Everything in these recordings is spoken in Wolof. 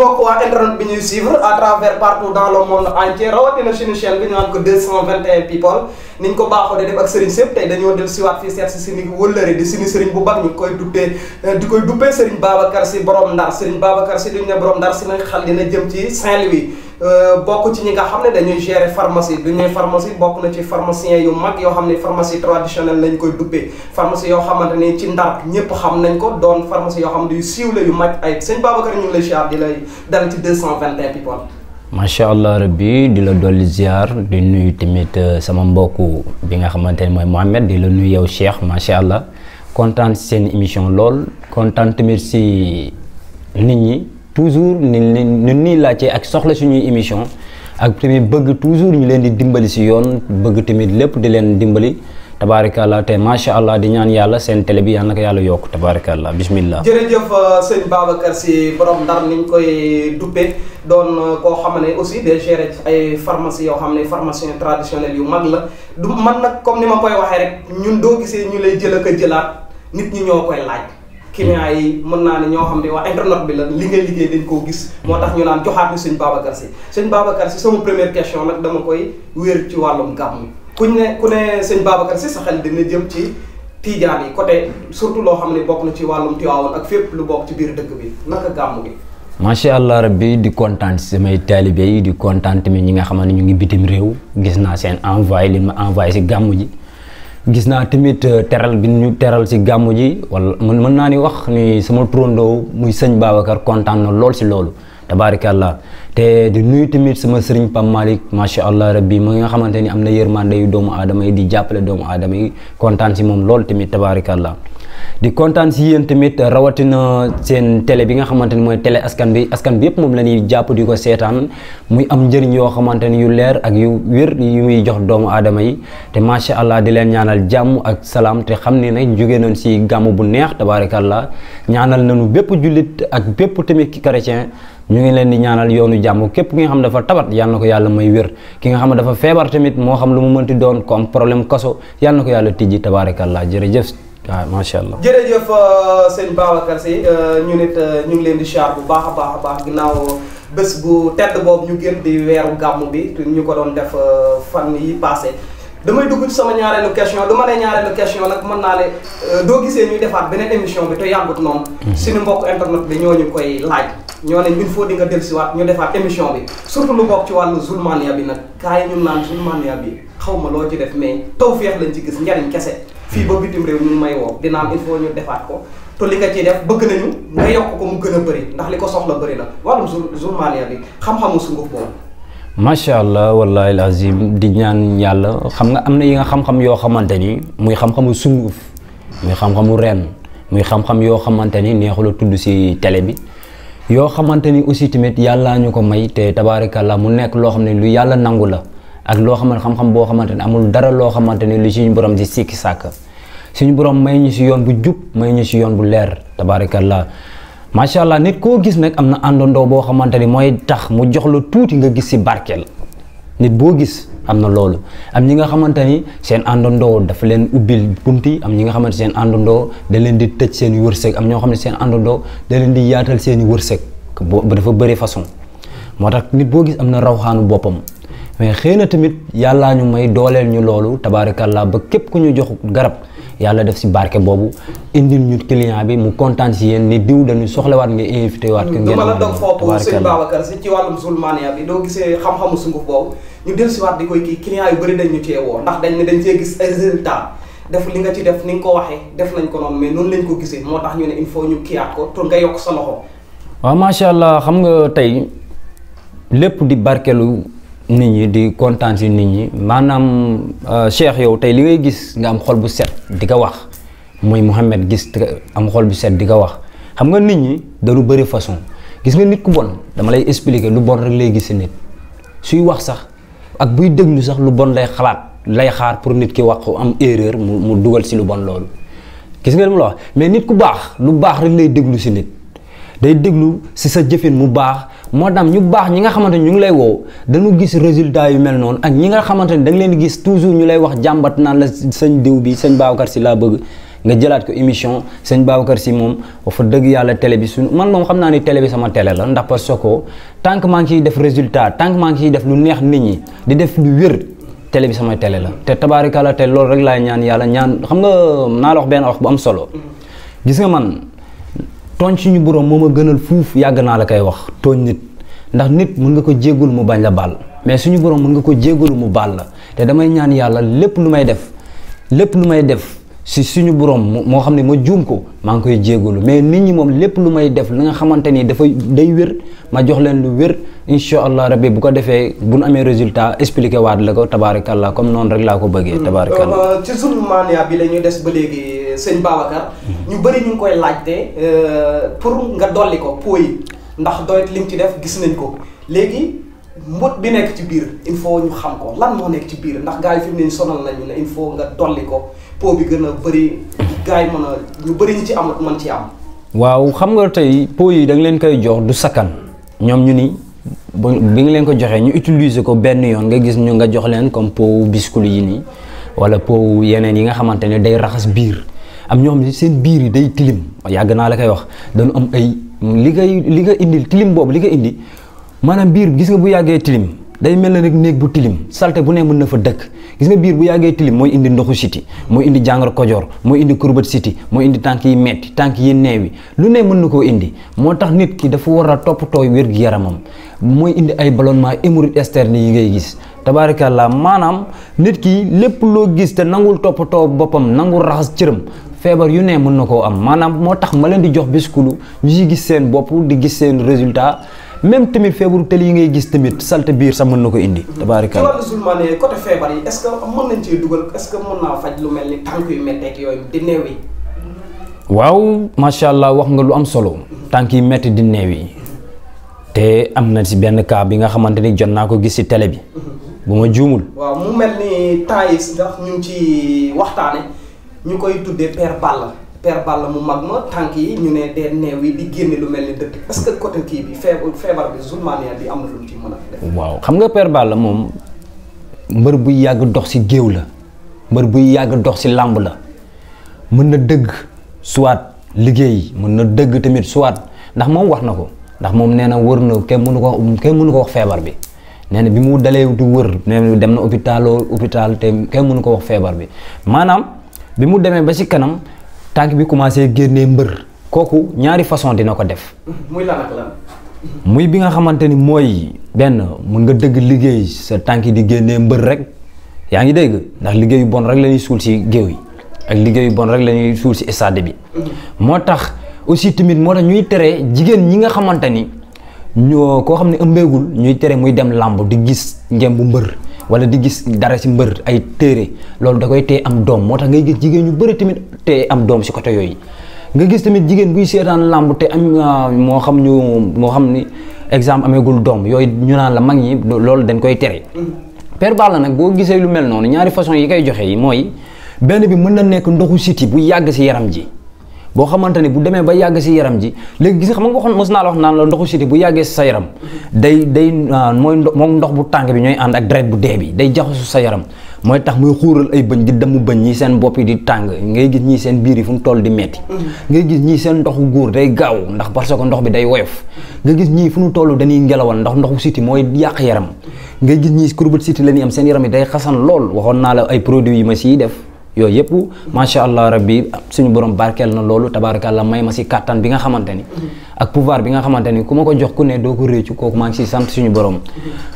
mbokk waa internet bi ñuy suivre à travers partout dans le monde entier rawatina suñu chaîne bi ñu naan ko 221 people ni ñu ko baaxoo de def ak sëriñ sépp tey dañoo del siwaat fii seet si suñu wëllëre di suñu sëriñ bu baax ñu koy duppee euh, di koy duppee sëriñ Babacar si borom ndar sëriñ Babacar si duñ ne borom ndar si nag xal dina jëm ci Saint-Louis Euh, bokk ci ñi nga xam ne dañuy gérer pharmacie du ñuy pharmacie bokk na ci pharmacien yu mag yoo xam ne pharmacie traditionnelle lañ koy dubbee pharmacie yoo xamante ne ci ndar ñëpp xam nañ ko doon pharmacie yoo xam ne yu siiw yu mag ay sëñ di lay dal ci 221 people. macha allah rabbi di la dolli ziar di nuyu tamit euh, sama mbokk bi nga xamante ne mooy Mohamed di la nuyu yow Cheikh macha allah kontaan seen émission lool kontaan tamit si nit ñi. toujours ni ni nii laajte ak soxla suñuy émission ak tamit bëgg toujours ñu leen di dimbali si yoon bëgg tamit lépp di leen dimbali tabaarakallah te macha allah di ñaan yàlla seen télé bi yal na yàlla yokk tabaarakallah bismillah jërëjëf euh, sëñ Babacar si borom ndar niñ koy duppe doon euh, koo xam ne aussi day gérer ay pharmacie yoo xam ne pharmacien traditionnel yu mag la du man nag comme ni ma koy waxee rek ñun doo gisee ñu lay jël ak a jëlaat nit ñi ñoo koy laaj clients yi mën naa ne ñoo xam ne waa internet bi la liggéey nga liggéey dañ koo gis moo tax ñu naan joxaat ñu sëñ Babacar si sëñ Babacar si sama première question nag dama koy wéer ci wàllum gàmmu ne ku sëñ Babacar si sa xel jëm ci tiijaan yi côté surtout loo xam ne bokk na ci wàllum Tiwaawoon ak fépp lu bokk ci biir dëkk bi naka gàmmu gi macha allah rabbi di kontaan si samay taalibe yi di kontaan tamit ñi nga xamante ne ñu ngi bitim réew gis naa seen envoyé li ma envoyé si gàmmu ji gis naa tamit euh, teral bi ñu teral si gàmmu ji wala man mën naa ni wax ni sama turandoo muy sëñ Babacar kontaan na lool ci loolu tabaarikàllaa te di nuyu tamit sama sëriñ Pam Malick macha allah rabbi ma nga xamante ni am na yërmande yu doomu adama yi di jàppale doomu aadama yi kontaan si moom lool tamit tabaarikàllaa di kontaan si yéen tamit rawatina seen tele bi nga xamante ni mooy télé askan bi askan bi yëpp moom la ñuy jàpp di ko seetaan muy am njëriñ yoo xamante ni yu leer ak yu wér yu muy jox doomu aadama yi te macha allah di leen ñaanal jàmm ak salaam te xam ne nag jóge nañ si gàmm bu neex tabaarakallah ñaanal nañu bépp jullit ak bépp tamit ki chrétien ñu ngi leen di ñaanal yoonu jàmm képp ki nga xam dafa tabat yal na ko yàlla may wér ki nga xam dafa feebar tamit moo xam lu mu mënti doon ko problème kaso yal ko yàlla tijji tabaarakallah jërëjëf waaw macha allah. jërëjëf euh, sëñ Babacar Sy euh, ñu nit euh, ñu ngi leen di siyaar bu baax a baax a baax ginnaaw bés bu tedd boobu ñu génn di weeru gàmm bi ñu ko doon def fan yi passé damay dugg ci sama ñaareelu question du ma ne ñaareelu question nag mën naa le doo gisee ñuy defaat beneen émission bi te yàggut noonu. ni hmm. mbokk internet bi ñoo ñu koy laaj. ñoo ne il faut di nga dellusiwaat ñu defaat émission bi surtout lu bokk ci wàllu zulmania bi nag kaay ñu naan zulmania bi xaw ma loo ci def mais tawfeex lañ ci gis njariñ kese. fii ba bitim réew ñun may woo dina am il ñu defaat ko te li def bëgg nañu nga yokk ko mu gën a bëri ndax li ko soxla bëri na wàllum journalier bi xam-xamu di ñaan yàlla xam nga am na yi nga xam-xam yoo xamante ni muy xam-xamu sunguf muy xam-xamu ren muy xam-xam yoo xamante ni neexula tudd si tele bi yoo xamante ni aussi tamit yàllaa ñu ko may te tabaarikàlla mu nekk loo xam ne lu yàlla nangu la ak loo xamante xam boo xamante ne amul dara loo xamante ne lu suñu borom di sikki sàkk suñu borom may ñu si yoon bu jub may ñu si yoon bu leer tabaarakallah macha allah nit koo gis nag am na àndandoo boo xamante ni mooy tax mu jox la tuuti nga gis si barkeel nit boo gis am na loolu am ñi nga xamante ni seen àndandoo dafa leen ubbil bunti am ñi nga xamante seen àndandoo da leen di tëj seen wërsëg am ñoo xam ne seen àndandoo da di yaatal seen i wërsëg dafa bëri façon moo tax nit boo gis am na rawxaanu boppam. mais xëy na tamit yàllaa ñu may dooleel ñu loolu tabaarikàllaa ba képp ku ñu jox garab yàlla def si barke boobu indi ñu client bi mu kontaan si yéen ni diw dañu soxlawaat nga invité waat. ngeen ma la dog foofu sëñ Babacar si ci wàllum sulmania bi doo gisee xam-xamu ñu del si di koy kii client yu bëri dañ ñu woo ndax dañ ne dañ cee gis résultat def li nga ci def ni ko waxee def nañ ko noonu mais noonu lañ ko gisee moo tax ñu ne il faut ñu kiyaat ko pour nga yokk sa loxo. waaw macha allah xam nga tey lépp di barkelu nit ñi di kontaan si nit ñi maanaam euh, Cheikh yow tey li ngay gis nga am xol bu set di ko wax mooy Mouhamed gis am xol bu set di ko wax xam nga nit ñi dañu bëri façon gis nga nit ku bon dama lay expliquer lu bon rek lay gis si nit suy wax sax ak buy déglu sax lu bon lay xalaat lay xaar pour nit ki wax am erreur mu mu dugal si lu bon loolu gis nga li ma la wax mais nit ku baax lu baax rek lay déglu si nit day déglu si sa jëfin mu baax moo tax ñu baax ñi nga xamante ni ñu ngi lay woow dama gis résultat yu mel noonu ak ñi nga xamante ni da leen di gis toujours ñu lay wax jàmbat naan la sañ diw bi sëñ Babacar si laa bëgg nga jëlaat ko émission sëñ Babacar si moom fa dëgg yàlla télé bi suñu man moom xam naa ni télé bi sama télé la ndax parce que tant que maa ngi ciy def résultat tant que maa ngi ciy def lu neex nit ñi di def lu wér télé bi sama tele la te tabaarikala te loolu rek laay ñaan yàlla ñaan xam nga naa la wax benn wax bu am solo gis nga man tooñ suñu borom moo ma gënal fuuf yàgg naa la koy wax tooñ nit ndax nit mën nga ko jéggul mu bañ la baal mais suñu borom mën nga ko jéggalu mu baal la te damay ñaan yàlla lépp lu may def lépp lu may def si suñu borom moo xam ne ma juum ko maa ngi koy jégalu mais nit ñi moom lépp lu may def li nga xamante ni dafay day wér ma jox leen lu wér incha allah rabbi bu ko defee bu nu amee résultat expliqué waat la ko tabaarikallah comme noonu rek laa ko bëggee. Hmm. tabaarikallah euh, ci sëñ Babacar. ñu bëri ñu koy laajte euh, pour nga dolli ko po yi ndax doyet li ci def gis nañ ko léegi mbóot bi nekk ci biir il faut ñu xam ko lan moo nekk ci biir ndax gars yi fi mu ne sonal nañu ne il faut nga dolli ko po bi gën a bëri gars yi mën a ñu bëri ñu ci am mën ci am. waaw xam nga tey po yi da leen koy jox du sakkan ñoom ñu ni. bi nga leen ko joxee ñu utiliser ko benn yoon nga gis ñu nga jox leen comme pot biscuit yi nii wala pot yeneen yi nga xamante ne day raxas biir am ñoo xam seen biir yi day tilim yàgg naa la koy wax dañu am ay li ngay li nga indil tilim boobu li nga indi maanaam biir gis nga bu yàggee tilim day mel ne rek néeg bu tilim salte bu ne mën na fa dëkk gis nga biir bu yàggee tilim mooy indi ndoxu siti mooy indi jàngoro kojoor mooy indi kurbat siti mooy indi tànk yi metti tànk yi yi lu ne mën na koo indi moo tax nit ki dafa war a toppatoo wér-gu-yaramam mooy indi ay ballonnement hémorroïde externe yi ngay gis tabaarikàllaa maanaam nit ki lépp loo gis te nangul toppatoo boppam nangul raxas cëram feebar yu ne mën na koo am maanaam moo tax ma leen di jox biskulu ñu si gis seen bopp di gis seen résultat même tamit feebaru tëli yi ngay gis tamit salte biir sax mën na ko indi. tabaarikal ci wàllu musulmaan yi côté feebar yi que lu mel yu métteeg yooyu di néew yi. waaw macha allah wax nga lu am solo. tànk yi métti di néew yi. te am na si benn kaa bi nga xamante ni jot naa ko gis si télé bi. Mhm. bu ma juumul. waaw mu mel ni temps yi ñu ngi ci waxtaane ñu koy tuddee père Balla père Balla mu mag ma tànk yi ñu ne dee neew yi di génne lu mel ni dëtt est-ce que côté bi feebar bi zulmanière bi am na lu mu a xam nga père Balla moom mbër buy yàgg dox si géew la mbër buy yàgg dox si làmb la mën na dëgg soit liggéey mën na dëgg tamit soit ndax moom wax na ko ndax moom nee na wër na kenn mënu ko kenn mënu ko wax feebar bi. nee na bi mu dalee du wër nee dem na hôpital hôpital te kenn mënu ko wax feebar bi maanaam. bi mu demee ba si kanam tànk bi commencé génnee mbër kooku ñaari façon dina ko def. muy muy bi nga xamante ni mooy benn mun nga dëgg liggéey sa tànk di génnee mbër rek yaa ngi dégg ndax liggéeyu bon rek lañuy ñuy suul ci géew yi ak liggéeyu bon rek la ñuy suul ci bi. Mm-hmm. moo tax aussi tamit moo tax ñuy tere jigéen ñi nga xamante ni ñoo koo xam ne ëmbeegul ñuy tere muy dem làmb di gis ngem mbër. wala di gis dara ci mbër ay téere loolu da koy tee am doom moo tax ngay gis jigéen ñu bëri tamit tee am doom ci côté yooyu nga gis tamit jigéen buy seetaan làmb te am ah, moo xam ñu moo xam ni exemple ameegul doom yooyu ñu naan la mag ñi loolu dañ koy tere Père Balla nag boo gisee lu mel noonu ñaari façon yi koy joxe yi mooy benn bi mën na nekk ndoxu siti bu yàgg ci yaram ji boo xamante ni bu demee ba yàgg si yaram ji léegi gis xam nga waxoon mos naa la wax naan la ndoxu siti bu yàggee si sa yaram day day ah, mooy moom ndox bu tàng bi ñooy ànd ak deret bu dee bi day jaxasu sa yaram mooy tax muy xuural ay bëñ di damm bëñ ñi seen bopp yi di tàng ngay gis ñi seen biir yi fu mu toll di metti mm-hmm. ngay gis ñi seen ndoxu góor day gaaw ndax parce que ndox bi day woyof nga gis ñii fu ñu toll dañuy ngelawal ndox ndoxu siti mooy yàq yaram ngay gis ñii kurbët la ñuy am seen yaram yi day xasan lool waxoon naa la ay produits yi ma siy def yooyu yëpp macha allah rabbi suñu borom barkel na loolu tabaarakallah may ma si kàttan bi nga xamante ni ak pouvoir bi nga xamante ni ku ma ko jox ku ne doo ko réccu kooku ma ngi si sant suñu borom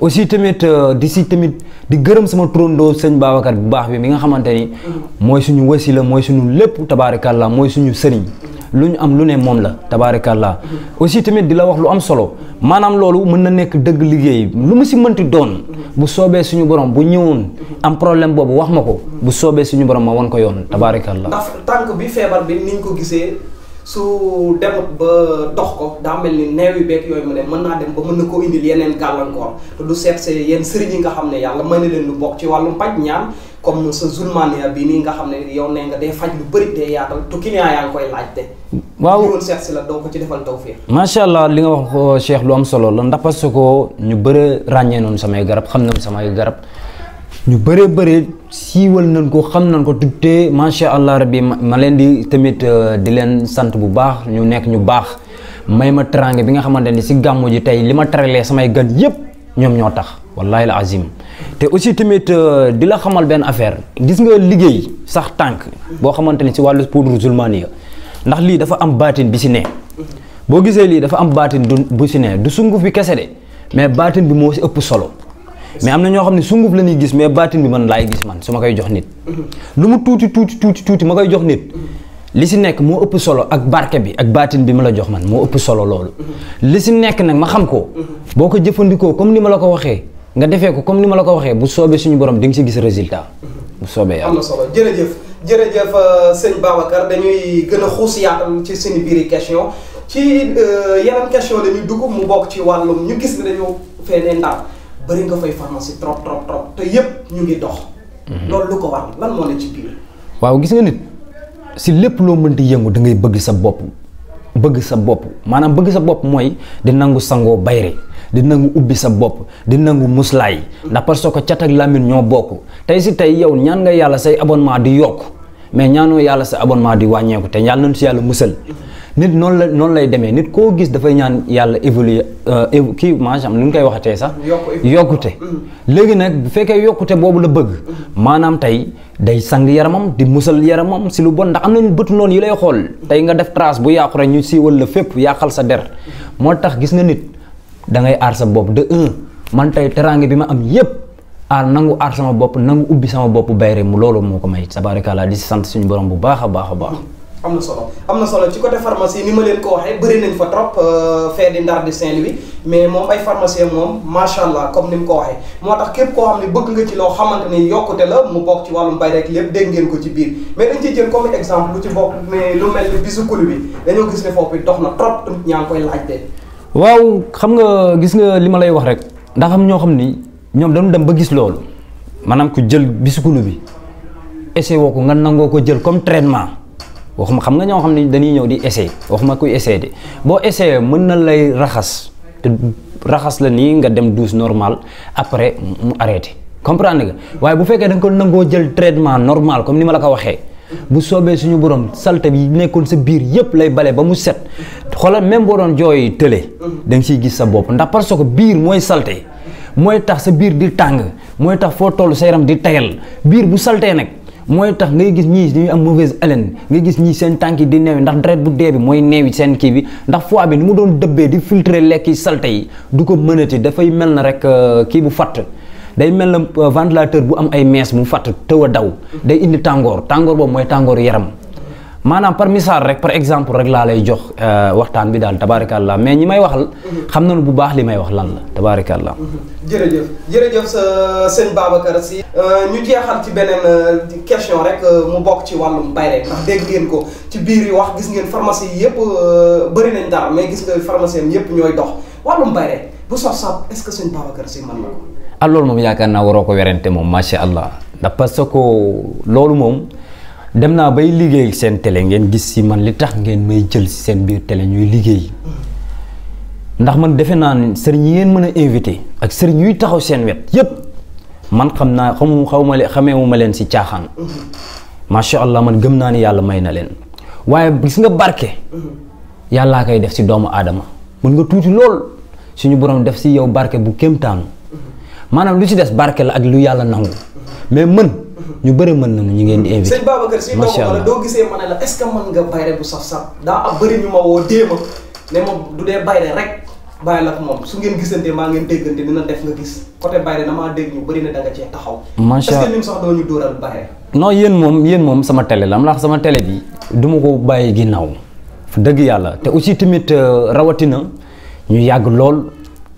aussi tamit euh, di si tamit di gërëm sama turandoo sëñ Babacar bu baax bi mi nga xamante ni mm. mooy suñu wasila mooy suñu lépp tabaarakallah mooy suñu sëriñ lu ñu am lu ne moom la tabaarikàllaa aussi tamit di la wax lu am solo maanaam loolu mën na nekk dëgg liggéey lu mu si mënti doon bu soobee suñu borom bu ñëwoon am problème boobu wax ma ko bu soobee suñu borom ma wan ko yoon tabaarikàllaa ndax tànk bi feebar bi niñ ko gisee su dem ba dox ko daa mel ni neew yu beeg yooyu mu ne mën naa dem ba mën na koo indil yeneen gàllankoor te du seet see yenn sëriñ yi nga xam ne yàlla may na leen lu bokk ci wàllum paj ñaan comme sa zulmania bi nii nga xam ne yow nee nga day faj lu bëri te yaatal te client yaa ngi koy laajte. waaw ñu seet si la doo ko ci defal tawfeex. macha allah li nga wax ko Cheikh lu am solo la ndax parce que ñu bëri ràññee noonu samay garab xam nañu samay garab. ñu bëree bëri siiwal nañ ko xam nañ ko tuddee macha allah rabbi ma leen di tamit euh, di leen sant bu baax ñu nekk ñu baax may ma teraange bi nga xamante ni si gàmmu ji tey li ma teralee samay gan yëpp ñoom ñoo tax wallahi la azim te aussi tamit euh, di la xamal benn affaire gis nga liggéey sax tànk boo xamante ni si wàllu poudre zulmaniya ndax lii dafa am baatin bi si ne boo gisee lii dafa am baatin du bu si nee du sunguf bi kese de mais baatin bi moo si ëpp solo. mais am na ñoo xam ne sunguf la ñuy gis mais baatin bi man laay gis man su ma koy jox nit lu mu tuuti tuuti tuuti tuuti ma koy jox nit li si nekk moo ëpp solo ak barke bi ak baatin bi ma la jox man moo ëpp solo loolu li si nekk nag ma xam ko boo ko jëfandikoo comme ni ma la ko waxee nga defee ko comme ni ma la ko waxee bu soobee suñu borom di nga si gis résultat bu soobee yàlla am na solo jërëjëf jërëjëf euh, sëñ Babacar dañuy gën a xuus yaatal ci suñu biiri question euh, mu bokk ci wàllum ñu bëri nga fay pharmacie trop trop trop te yëpp ñu ngi dox. Mhm. loolu lu ko war lan moo ne ci biir. waaw gis nga nit si lépp loo mënti yëngu da ngay bëgg sa bopp bëgg sa bopp maanaam bëgg sa bopp mooy di nangu sangoo bayre di nangu ubbi sa bopp di nangu muslaay mm. ndax parce que cat ak lamine ñoo bokk tey si tey yow ñaan nga yàlla say abonnement di yokk mais ñaanoo yàlla sa abonnement di wàññeeku te yàlla nañu si yàlla musal. Mm-hmm. nit noonu la noonu lay demee nit koo gis dafay ñaan yàlla évoluer euh, kii maanaam nu ñu koy waxatee sax. yokkute mm. léegi nag bu fekkee yokkute boobu la bëgg. Mm. maanaam tey day sang yaramam di musal yaramam si lu bon ndax am nañu bët noonu yi lay xool. tey nga def trace bu yàqu rek ñu siiwal la fépp yàqal sa der. moo tax gis nga nit da ngay aar sa bopp de un man tey teraange bi ma am yépp. aar nangu aar sama bopp nangu ubbi sama bopp bayre mu loolu moo ko may tabaarikàlla di sant suñu borom bu baax a baax a baax am na solo am na solo ci ko côté pharmacie ni ma leen ko waxee bëri nañ fa trop euh, fee di Ndar di Saint-Louis mais moom ay pharmacien moom macha allah comme ni mu ko waxee moo tax képp ko xam ne bëgg nga ci loo xamante ni yokkute la mu bokk ci wàllum bay rek lépp dégg ngeen ko ci biir mais dañ ciy jël comme exemple lu ci bokk mais lu mel ni bisu bi dañoo gis ne foofu dox na trop tamit ñaa ngi koy laajtee. waaw xam nga gis nga li ma lay wax rek ndax ñoo xam ni ñoom dañu dem ba gis loolu maanaam ku jël bisu kulu bi essayé woo ko nangoo ko jël comme traitement. waxuma xam nga ñoo xam ne dañuy ñëw di essayer waxuma kuy essayer de boo essayer mën na lay raxas te raxas la nii nga dem douche normal après mu arrêté comprendre nga waaye bu fekkee da nga ko nangoo jël traitement normal comme ni ma la ko waxee bu soobee suñu borom salte bi nekkoon sa biir yëpp lay bale ba mu set xoolal même boo doon jooy télé danga nga siy gis sa bopp ndax parce que biir mooy salte mooy tax sa biir di tàng mooy tax foo toll sa yaram di tayal biir bu saltee nag. mooy tax ngay gis ñi ñuy am mauvaise haleine ngay gis ñi seen tànk yi di neewi ndax deret bu dee bi mooy yi seen kii bi ndax foie bi ni mu doon dëbbee di filtre lekk yi salte yi du ko mënati dafay mel na rek euh, kii bu fatt day mel na euh, ventilateur bu am ay mees mu fatt tëw a daw day indi tàngoor tàngoor boobu mooy tàngoor yaram maanaam par misaal rek par exemple rek laa lay jox euh, waxtaan bi daal tabaarakallah mais ñi may waxal. xam na nañu bu baax li may wax lan la tabaarakallah. Mhm. jërëjëf jërëjëf sa sëñ Babacar Sy. Euh, ñu jeexal ci beneen euh, question rek mu bokk ci wàllum bay ndax dégg ngeen ko ci biir yi wax gis ngeen pharmacie yëpp bëri nañ dara mais gis nga pharmacie yëpp ñooy dox wàllum bay bu sof saf est-ce que sëñ Babacar Sy mën ah, moom yaakaar naa waroo ko werante moom macha allah loolu moom. dem naa bay liggéey seen télé ngeen gis si man li tax ngeen may jël si seen biir tele ñuy liggéey ndax man defe naa ne sëriñ yi ngeen mën a invité ak sëriñ yuy taxaw seen wet yépp man xam naa xamu xaw ma xameewu ma leen si caaxaan macha allah man gëm naa ni yàlla may na leen waaye gis nga barke yàllaa koy def si doomu aadama mun nga tuuti lool suñu borom def si yow barke bu kéemtaanu maanaam lu si des barke la ak lu yàlla nangu mais mën ñu bëri mën na ñu ngeen di invité. sëñ Babacar si doomu wala doo gisee ma ne la est mën nga bayre bu saf saf daa am bëri ñu ma woo déema ne ma du dee bayre rek bàyyi la ko moom su ngeen gisante maa ngeen déggante dina def nga gis côté bayre damaa dégg ñu bëri na da nga cee taxaw. macha allah est sax doo ñu dóoral bayre. non yéen moom yéen moom sama tele la am la sama télé bi. du ma ko bàyyi ginnaaw. dëgg yàlla te aussi tamit euh, rawatina ñu yàgg lool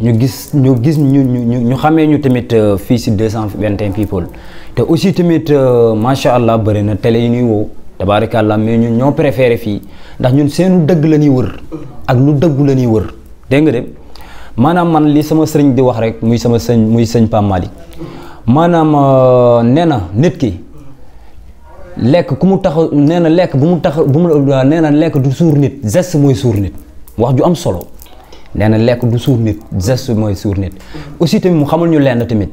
ñu gis ñu gis ñu ñu ñu ñu xamee ñu tamit euh, fii si 221 people te aussi tamit euh, macha allah bëri na télé yi ñuy wow tabaarakallah mais ñun ñoo préféré fii ndax ñun seenu dëgg la ñuy wër ak lu dëggu la ñuy wër dégg de maanaam man li sama sëriñ di wax rek muy sama sëñ muy sëñ Pape maanaam euh, nee na nit ki lekk ku mu tax nee na lekk bu mu tax bu mu nee na lekk du suur nit geste mooy suur nit wax ju am solo. nee na lekk du suur nit geste mooy suur nit. aussi tamit mu xamul ñu lenn tamit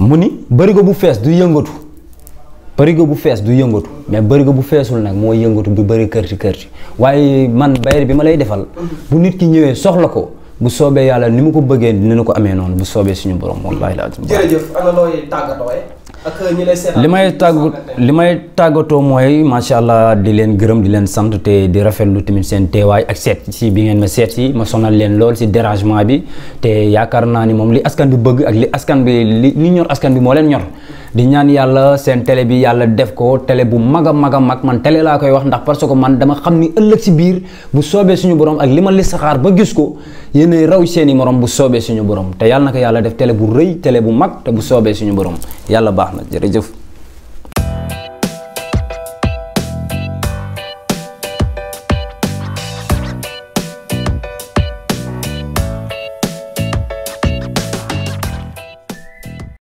mu ni bërigo bu fees du yëngatu bërigo bu fees du yëngatu mais bërigo bu feesul nag mooy yëngatu bi bëri kër ci kër waaye man bayre bi ma lay defal. bu nit ki ñëwee soxla ko. bu soobee yàlla ni mu ko bëggee dinañu ko amee noonu bu soobee suñu borom wallahi laa jërëjëf ana looy eh? Euh, li may tàggu li may tàggatoo mooy macha allah di leen gërëm di leen sant te di rafetlu tamit seen teewaay ak seet si bi ngeen ma seet si ma sonal leen lool si dérangement bi te yaakaar naa ni moom li askan bi bëgg ak li askan bi li ñor askan bi moo leen ñor. di ñaan yàlla seen télé bi yàlla def ko télé bu mag a mag a mag man tele laa koy wax ndax parce que man dama xam ni ëllëg si biir bu soobee suñu borom ak li ma saxaar ba gis ko yéenay raw seeni morom bu soobee suñu borom te yàlla na ko yàlla def tele bu rëy tele bu mag te bu soobee suñu borom yàlla baax na jërëjëf.